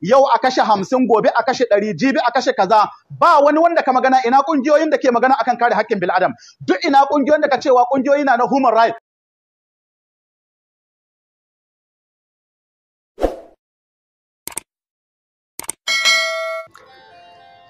yau a kashe hamsin gobe a kashe ɗari jibi a kashe kaza ba wani wanda ka magana ina ƙungiyoyin da ke magana akan kare haƙƙin bil'adam duk ina ƙungiyoyin da ka cewa ƙungiyoyi na na human rights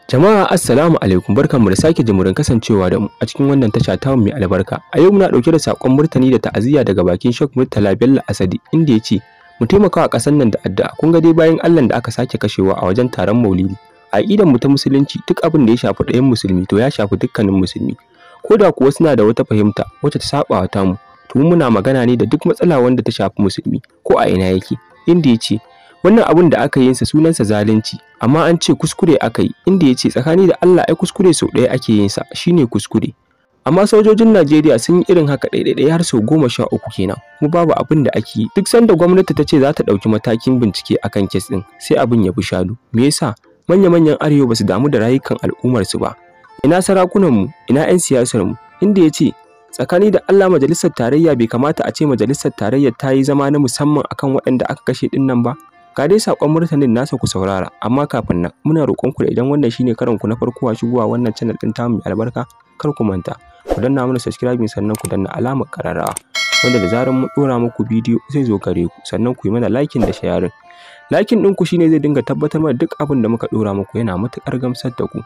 Jama'a assalamu alaikum mu da sake jimurin kasancewa da mu a cikin wannan tasha ta mai albarka. A yau muna dauke da sakon murtani da ta'aziyya daga bakin Sheikh Murtala Bello Asadi inda ya ce mu taimaka a ƙasar nan da addu'a kun ga dai bayan Allah da aka sake kashewa a wajen taron Maulidi a idan mu ta musulunci duk abin da ya shafi ɗayan musulmi to ya shafi dukkanin musulmi ko da kuwa suna da wata fahimta wacce ta saba wa tamu to muna magana ne da duk matsala wanda ta shafi musulmi ko a ina yake inda ya ce wannan abin da aka yi sa sunansa zalunci amma an ce kuskure aka yi inda ya ce tsakani da Allah ai kuskure sau ɗaya ake yin sa shine kuskure amma sojojin Najeriya sun yi irin haka ɗaiɗaiɗai har sau goma sha uku kenan kuma babu abin da ake yi duk sanda gwamnati ta ce za ta ɗauki matakin bincike akan kes ɗin sai abin ya bi shalu me yasa manya-manyan arewa ba su damu da rayukan al'ummarsu ba ina sarakunan mu? ina 'yan mu? inda ya ce tsakani da Allah majalisar tarayya bai kamata a ce majalisar tarayya ta yi zama na musamman akan waɗanda aka kashe ɗin nan ba Ga dai saƙon martanin nasa ku saurara, amma kafin nan muna roƙonku da idan wannan shine karan ku na farko a shigowa wannan channel ɗin tamu mai albarka, kar ku manta ku danna mana subscribe sannan ku danna alamar ƙararrawa. Wanda da zarar mun dora muku bidiyo zai zo gare ku sannan ku yi mana liking da sharing. Liking ɗinku shine zai dinga tabbatar mana duk abin da muka dora muku yana matuƙar gamsar da ku.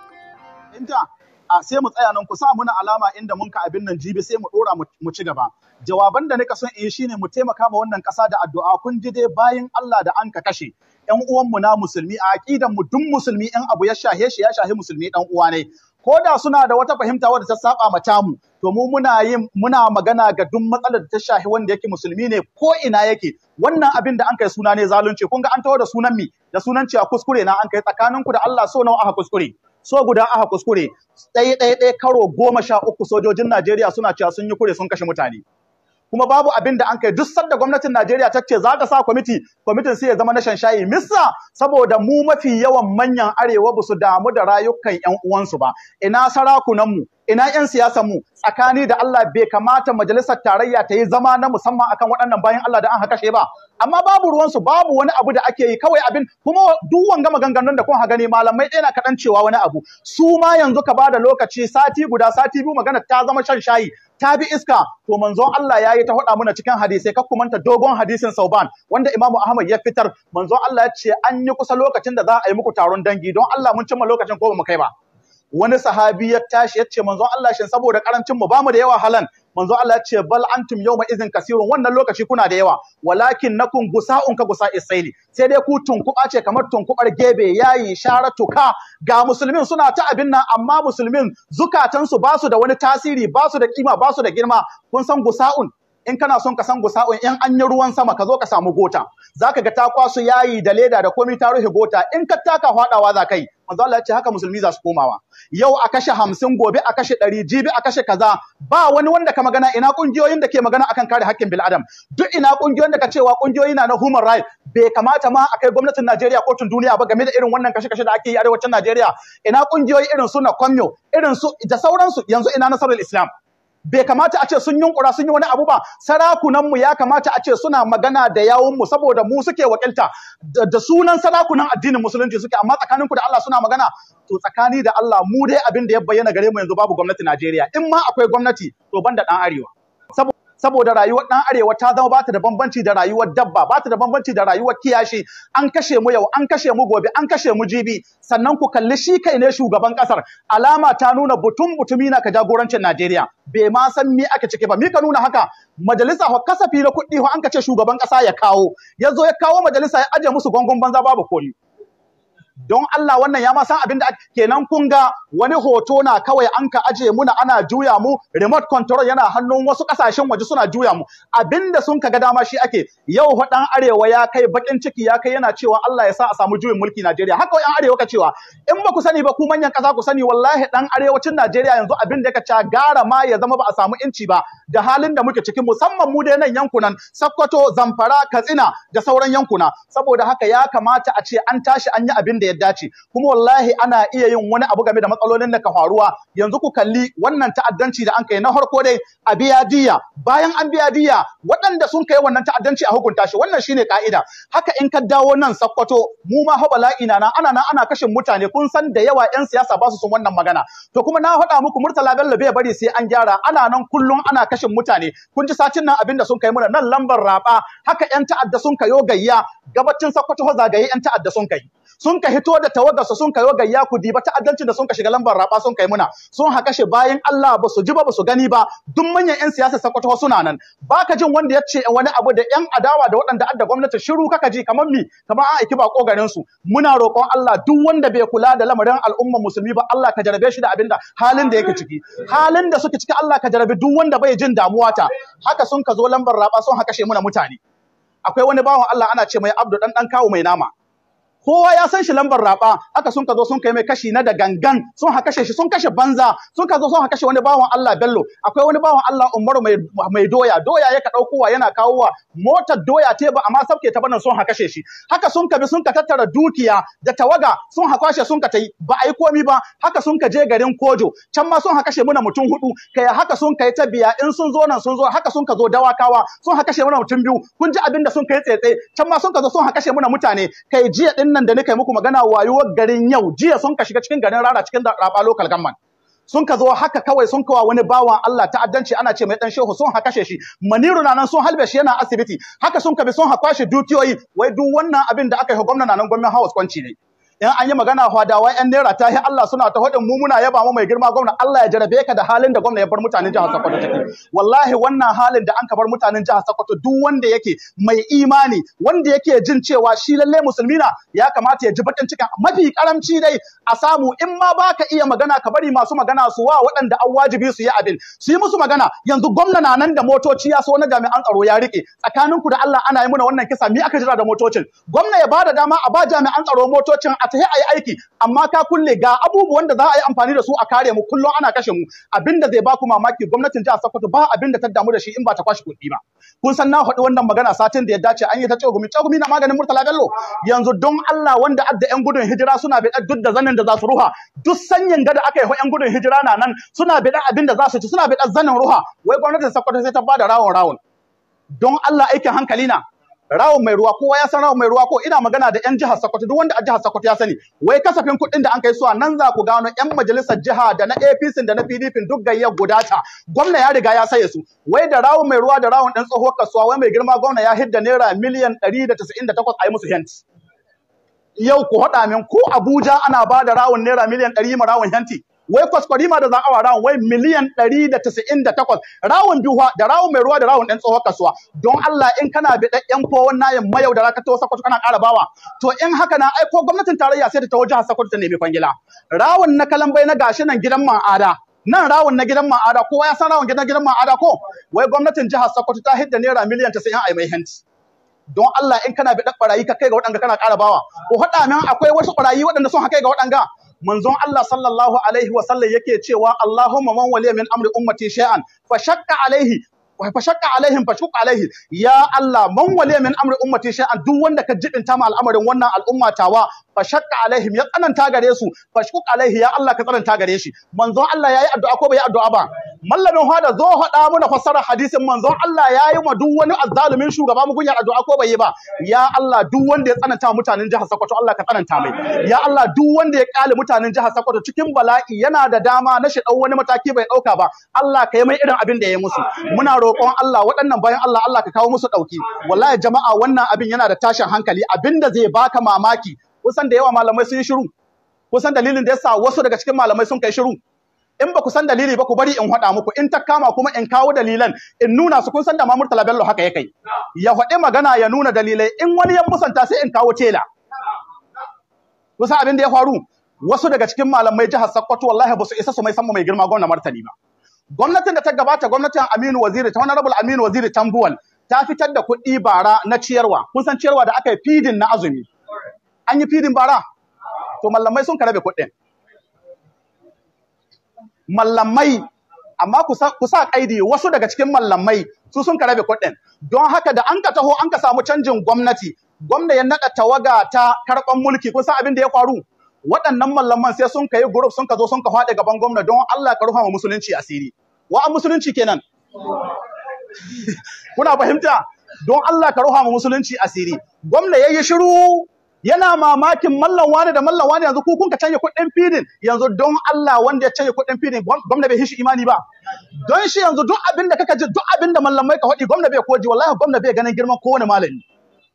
a sai mu tsaya nan ku sa muna alama inda mun ka abin nan jibi sai mu dora mu ci gaba jawaban da nika son in yi shine mu taimaka ma wannan kasa da addu'a kun ji dai bayan Allah da an ka kashe Yan uwanmu na musulmi a aqidan mu duk musulmi in abu ya shahe shi ya shahe musulmi ɗan uwa ne ko da suna da wata fahimta wadda ta saba ma tamu to mu muna yin muna magana ga duk matsalar da ta shahe wanda yake musulmi ne ko ina yake wannan abin da an kai suna ne zalunci kun ga an tawo da sunan mi da sunan cewa kuskure na an kai tsakanin ku da Allah so nawa aka kuskure so guda aka kuskure ɗaya ɗaya ɗaya karo goma sha uku sojojin Najeriya suna cewa sun yi kure sun kashe mutane kuma babu abin da an kai duk sanda gwamnatin Najeriya ta ce za ta sa kwamiti kwamitin sai ya zama na shanshayi Misa, saboda mu mafi yawan manyan arewa ba su damu da rayukan ƴan uwansu ba ina sarakunan mu ina yan siyasa mu tsakani da Allah bai kamata majalisar tarayya ta yi zama na musamman akan waɗannan bayan Allah da an haka ba amma babu ruwansu babu wani abu da ake yi kawai abin kuma duk wanga maganganun da kun ha gani malamai ɗaya na kaɗan cewa wani abu su ma yanzu ka bada lokaci sati guda sati biyu magana ta zama shan shayi ta bi iska to manzon Allah ya yi ta faɗa mana cikin hadisai kakku manta dogon hadisin Sauban wanda Imam Ahmad ya fitar manzon Allah ya ce an yi kusa lokacin da za a yi muku taron dangi don Allah mun cimma lokacin ko ba mu kai ba wani sahabi ya tashi ya ce manzon Allah shin saboda karancin mu bamu da yawa halan manzon Allah ya ce bal antum yawma izin kasirun wannan lokaci kuna da yawa walakin nakum gusa'un ka gusa isaili sai dai ku tunkuba ce kamar tunkubar gebe yayi sharatu ka ga musulmin suna ta abin nan amma musulmin zukatansu basu da wani tasiri basu da kima basu da girma kun san gusa'un in kana son ka san gusa'un in an yi ruwan sama ka zo ka samu gota Za ka ga takwasu yayi da leda da komai ta rufe gota in ka taka fadawa za kai manzo Allah ya ce haka musulmi za su komawa yau a kashe hamsin gobe a kashe ɗari jibi a kashe kaza ba wani wanda ka magana ina kungiyoyin da ke magana akan kare haƙƙin bil'adam duk ina kungiyoyin da ka cewa kungiyoyi na na human right. bai kamata ma a kai gwamnatin Najeriya kotun duniya ba game da irin wannan kashe-kashe da ake yi arewacin Najeriya ina kungiyoyi irin su na kwamyo irin su da sauransu yanzu ina nasarar Islam bai kamata a ce sun yunkura sun yi wani abu ba sarakunanmu ya kamata a ce suna magana da yawunmu saboda mu suke wakilta da sunan sarakunan addinin musulunci suke amma tsakaninku da Allah suna magana to tsakani da Allah mu dai abin da ya bayyana gare mu yanzu babu gwamnati Najeriya in ma akwai gwamnati to da dan arewa saboda rayuwar dan arewa ta zama bata da bambanci da rayuwar dabba bata da bambanci da rayuwar kiyashi an kashe mu yau an kashe mu gobe an kashe mu jibi sannan ku kalli shi kai ne shugaban kasar alama ta nuna butun butumi na ka jagorancin Najeriya bai ma san me ake cike ba me ka nuna haka majalisa ho kasafi na kuɗi ho an ka shugaban kasa ya kawo yazo ya kawo majalisa ya aje musu gongon banza babu koli don Allah wannan ya ma san abin da kenan kun ga wani hoto na kawai an ka aje muna ana juya mu remote control yana hannun wasu kasashen waje suna juya mu Abin da sun kaga dama shi ake yau ɗan arewa ya kai bakin ciki ya kai yana cewa Allah ya sa a samu juyin mulki Najeriya haka yan arewa ka cewa in ba ku sani ba ku manyan kasa ku sani wallahi dan arewacin Najeriya yanzu abin da ka ca gara ma ya zama ba a samu inci ba da halin da muke cikin musamman mu dai nan yankunan Sokoto Zamfara Katsina da sauran yankuna saboda haka ya kamata a ce an tashi an yi abin da ya dace kuma wallahi ana iya yin wani abu game da matsalolin da ka faruwa yanzu ku kalli wannan ta'addanci da an kai na harko dai a biya diya bayan an biya diya waɗanda sun kai wannan ta'addanci a hukunta shi wannan shine ka'ida haka in ka dawo nan sakkwato mu ma habala'i na ana nan ana kashin mutane kun san da yawa 'yan siyasa ba su son wannan magana to kuma na faɗa muku Murtala Bello bai bari sai an gyara ana nan kullum ana kashin mutane kun ji satin nan abinda sun kai mura nan lambar raba haka 'yan ta'adda sun kayo gayya gabacin sakkwato zagaye 'yan ta'adda sun kai sun kai fito da su sun kayo gayya ku diba ta adalcin da sun ka shiga lambar raba sun kai muna sun haka shi bayan Allah ba su ji ba ba su gani ba duk manyan yan siyasa sakwato suna nan baka jin wanda ya ce wani abu da yan adawa da waɗanda adda gwamnati shiru kaka ji kamar mi kamar an aiki ba kokarin su muna roƙon Allah duk wanda bai kula da lamarin al'ummar musulmi ba Allah ka jarabe shi da abinda halin da yake ciki halin da suke ciki Allah ka jarabe duk wanda bai jin damuwa ta haka sun ka zo lambar raba sun haka shi muna mutane akwai wani bawan Allah ana ce mai Abdu dan dan kawo mai nama kowa ya san shi lambar raba haka sun ka zo sun kai mai kashi na da gangan sun ha kashe shi sun kashe banza sun ka zo sun ha kashe wani bawan Allah Bello akwai wani bawan Allah Umaru mai mai doya doya yaka daukowa yana kawowa motar doya te ba amma sabke ta banan sun ha kashe shi haka sun ka bi sun ka tattara dukiya da tawaga sun ha kwashe sun ka tai ba ai komi ba haka sun ka je garin Kojo can ma sun ha kashe muna mutum hudu kai haka sun kai ta biya in sun zo nan sun zo haka sun ka zo dawakawa sun ha kashe muna mutum biyu kun ji abin da sun kai tsetse can ma sun ka zo sun ha kashe muna mutane kai jiya din din nan da nika muku magana wayuwar garin yau jiya sun ka shiga cikin garin rara cikin raba local government sun ka zo haka kawai sun kawa wani bawan Allah ta'addanci ana ce mai dan shehu sun haka shi maniru na nan sun halbe shi yana asibiti haka sun ka bi sun hakwashe shi dukiyoyi wai duk wannan abin da aka yi gwamnati na nan gwamnan House kwanci ne in an yi magana hwadawa yan naira ta yi Allah suna ta hudun mumuna muna ba mu mai girma gwamna Allah ya jarabe ka da halin da gwamna ya bar mutanen jihar Sokoto take wallahi wannan halin da an ka bar mutanen jihar Sokoto duk wanda yake mai imani wanda yake jin cewa shi lalle musulmi na ya kamata ya ji bakin cikin mafi karamci dai a samu in ma baka iya magana ka bari masu magana su wa waɗanda an wajibi su yi abin su yi musu magana yanzu gwamna na nan da motoci ya so na jami'an tsaro ya rike tsakaninku da Allah ana yi muna wannan kisa mi aka jira da motocin gwamna ya bada dama a ba jami'an tsaro motocin a tafi a yi aiki amma ka kulle ga abubuwan da za a yi amfani da su a kare mu kullum ana kashe mu abinda zai ba ku mamaki gwamnatin jihar Sokoto ba abinda ta damu da shi in ba ta kwashi kuɗi ba kun san na faɗi wannan magana satin da ya dace an yi ta cewa gumi na maganin Murtala Bello yanzu don Allah wanda adda yan gudun hijira suna bi duk da zanin da za su ruha duk sanyin gada aka yi yan gudun hijira na nan suna bi abin da za su ci suna bidar zanin ruha wai gwamnatin Sokoto sai ta bada rawon rawon don Allah aikin hankali na rawo mai ruwa kowa ya san rawo mai ruwa ko ina magana da yan jihar Sokoto duk wanda a jihar Sokoto ya sani wai kasafin kuɗin da an kai suwa nan za ku gano yan majalisar jiha da na APC da na PDP duk gayya gudata gwamna ya riga ya saye su wai da rawo mai ruwa da rawo ɗan tsoho kasuwa wai mai girma gwamna ya hidda naira miliyan 198 a yi musu hent yau ku haɗa min ko Abuja ana ba da rawon naira miliyan 100 ma rawon henti wai kwaskwarima da za a rawun wai miliyan ɗari rawun duha da rawun mai ruwa da rawun ɗan tsohon kasuwa don Allah in kana bi ɗan fowon nayin mayau da rakato sakwato kana ƙara bawa to in haka na aiko gwamnatin tarayya sai ta taho jihar sakwato ta nemi kwangila rawun na kalambai na gashi nan gidan ma'ada nan rawun na gidan ma'ada kowa ya san rawun gidan gidan ma'ada ko wai gwamnatin jihar Sokoto ta hidda naira miliyan tasa'in ai mai hanci don Allah in kana bi ɓarayi ka kai ga waɗanga kana ƙara bawa ko haɗa nan akwai wasu ɓarayi waɗanda sun haka ga waɗanga manzon Allah sallallahu alaihi wa sallam yake cewa Allahumma man waliya min amri ummati shay'an fa shaqqa alaihi wa fashaqqa alaihim fashuq alaihi ya Allah man wali min amri ummati shay'an duk wanda ka jibinta ma al'amarin wannan al'umma tawa fashaqqa alaihim ya tsananta gare su fashuq alaihi ya Allah ka tsananta gare shi manzon Allah yayi addu'a ko bai addu'a ba mallamin hada zo hada muna fassara hadisin manzon Allah yayi ma duk wani azzalumin shugaba mu gunyar addu'a ko bai yi ba ya Allah duk wanda ya tsananta mutanen jihar Sokoto Allah ka tsananta mai ya Allah duk wanda ya kale mutanen jihar Sokoto cikin bala'i yana da dama na shi dau wani mataki bai dauka ba Allah ka yi mai irin abin da ya yi musu muna roƙon roƙon Allah waɗannan bayan Allah Allah ka kawo musu ɗauki wallahi jama'a wannan abin yana da tashin hankali abinda zai baka mamaki kusan da yawa malamai sun yi shiru kusan dalilin da yasa wasu daga cikin malamai sun kai shiru in ba ku san dalili ba ku bari in haɗa muku in ta kama kuma in kawo dalilan in nuna su kun san da Mamur Bello haka ya kai ya faɗi magana ya nuna dalilai in wani ya musanta sai in kawo tela Kusan abin da ya faru wasu daga cikin malamai jihar Sokoto wallahi ba su isa su mai san mai girma gwamna martani ba gwamnatin da ta gabata gwamnatin Aminu Waziri ta Honorable Aminu Waziri Tambuwal ta fitar da kuɗi bara na ciyarwa kun san ciyarwa da aka yi feeding na azumi an yi feeding bara to mallamai sun karabe kuɗin mallamai amma ku sa kaidi wasu daga cikin mallamai su sun karabe kuɗin don haka da an ka taho an ka samu canjin gwamnati gwamna ya naɗa tawaga ta karɓar mulki kun san abin da ya faru waɗannan mallaman sai sun kai group sun ka zo sun ka faɗi gaban gwamna don Allah ka rufa musulunci asiri wa an musulunci kenan kuna fahimta don Allah ka rufa musulunci asiri gwamna yayi shiru yana mamakin mallan wani da mallan wani yanzu ku kun ka canje kuɗin filin yanzu don Allah wanda ya canje kuɗin filin gwamna bai hishi imani ba don shi yanzu duk abin da kaka ji duk abin da mallamai ka faɗi gwamna bai koji wallahi gwamna bai ganin girman kowane malami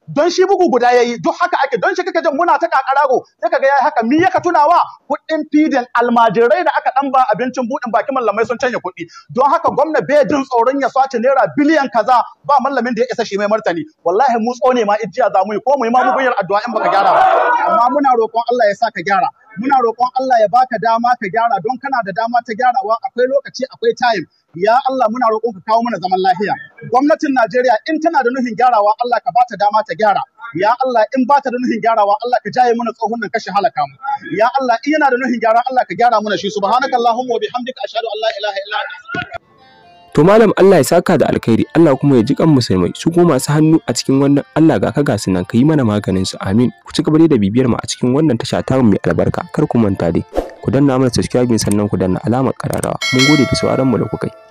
don shi bugu guda yayi duk haka ake don shi kake jin muna ta kakarago sai kaga yayi haka mi yaka tunawa kuɗin fidin almajirai da aka dan ba abincin budin baki mallamai sun canja kuɗi don haka gwamna bai jin tsoron ya sace naira biliyan kaza ba mallamin da ya isa shi mai martani wallahi mu tsone ma ijiya za mu yi ko mu yi ma mu addu'a in baka gyara ba amma muna roƙon Allah ya sa ka gyara muna roƙon Allah ya baka dama ka gyara don kana da dama ta gyarawa akwai lokaci akwai time ya Allah muna roƙon ka kawo mana zaman lafiya gwamnatin Najeriya in tana da nufin gyarawa Allah ka bata dama ta gyara ya Allah in ba ta da nufin gyarawa Allah ka jaye mana tsohon nan kashi halaka mu ya Allah in yana da nufin gyara Allah ka gyara mana shi subhanakallahumma wa bihamdika ashhadu an la ilaha illa anta to malam Allah ya saka da alkhairi Allah kuma ya ji kan musulmai su ko masu hannu a cikin wannan Allah ga ka ga sunan ka yi mana maganin su amin ku ci gaba da bibiyar mu a cikin wannan tasha ta mai albarka kar ku manta dai ku danna mana subscribe sannan ku danna alamar kararrawa mun gode da sauraron mu da kuka kai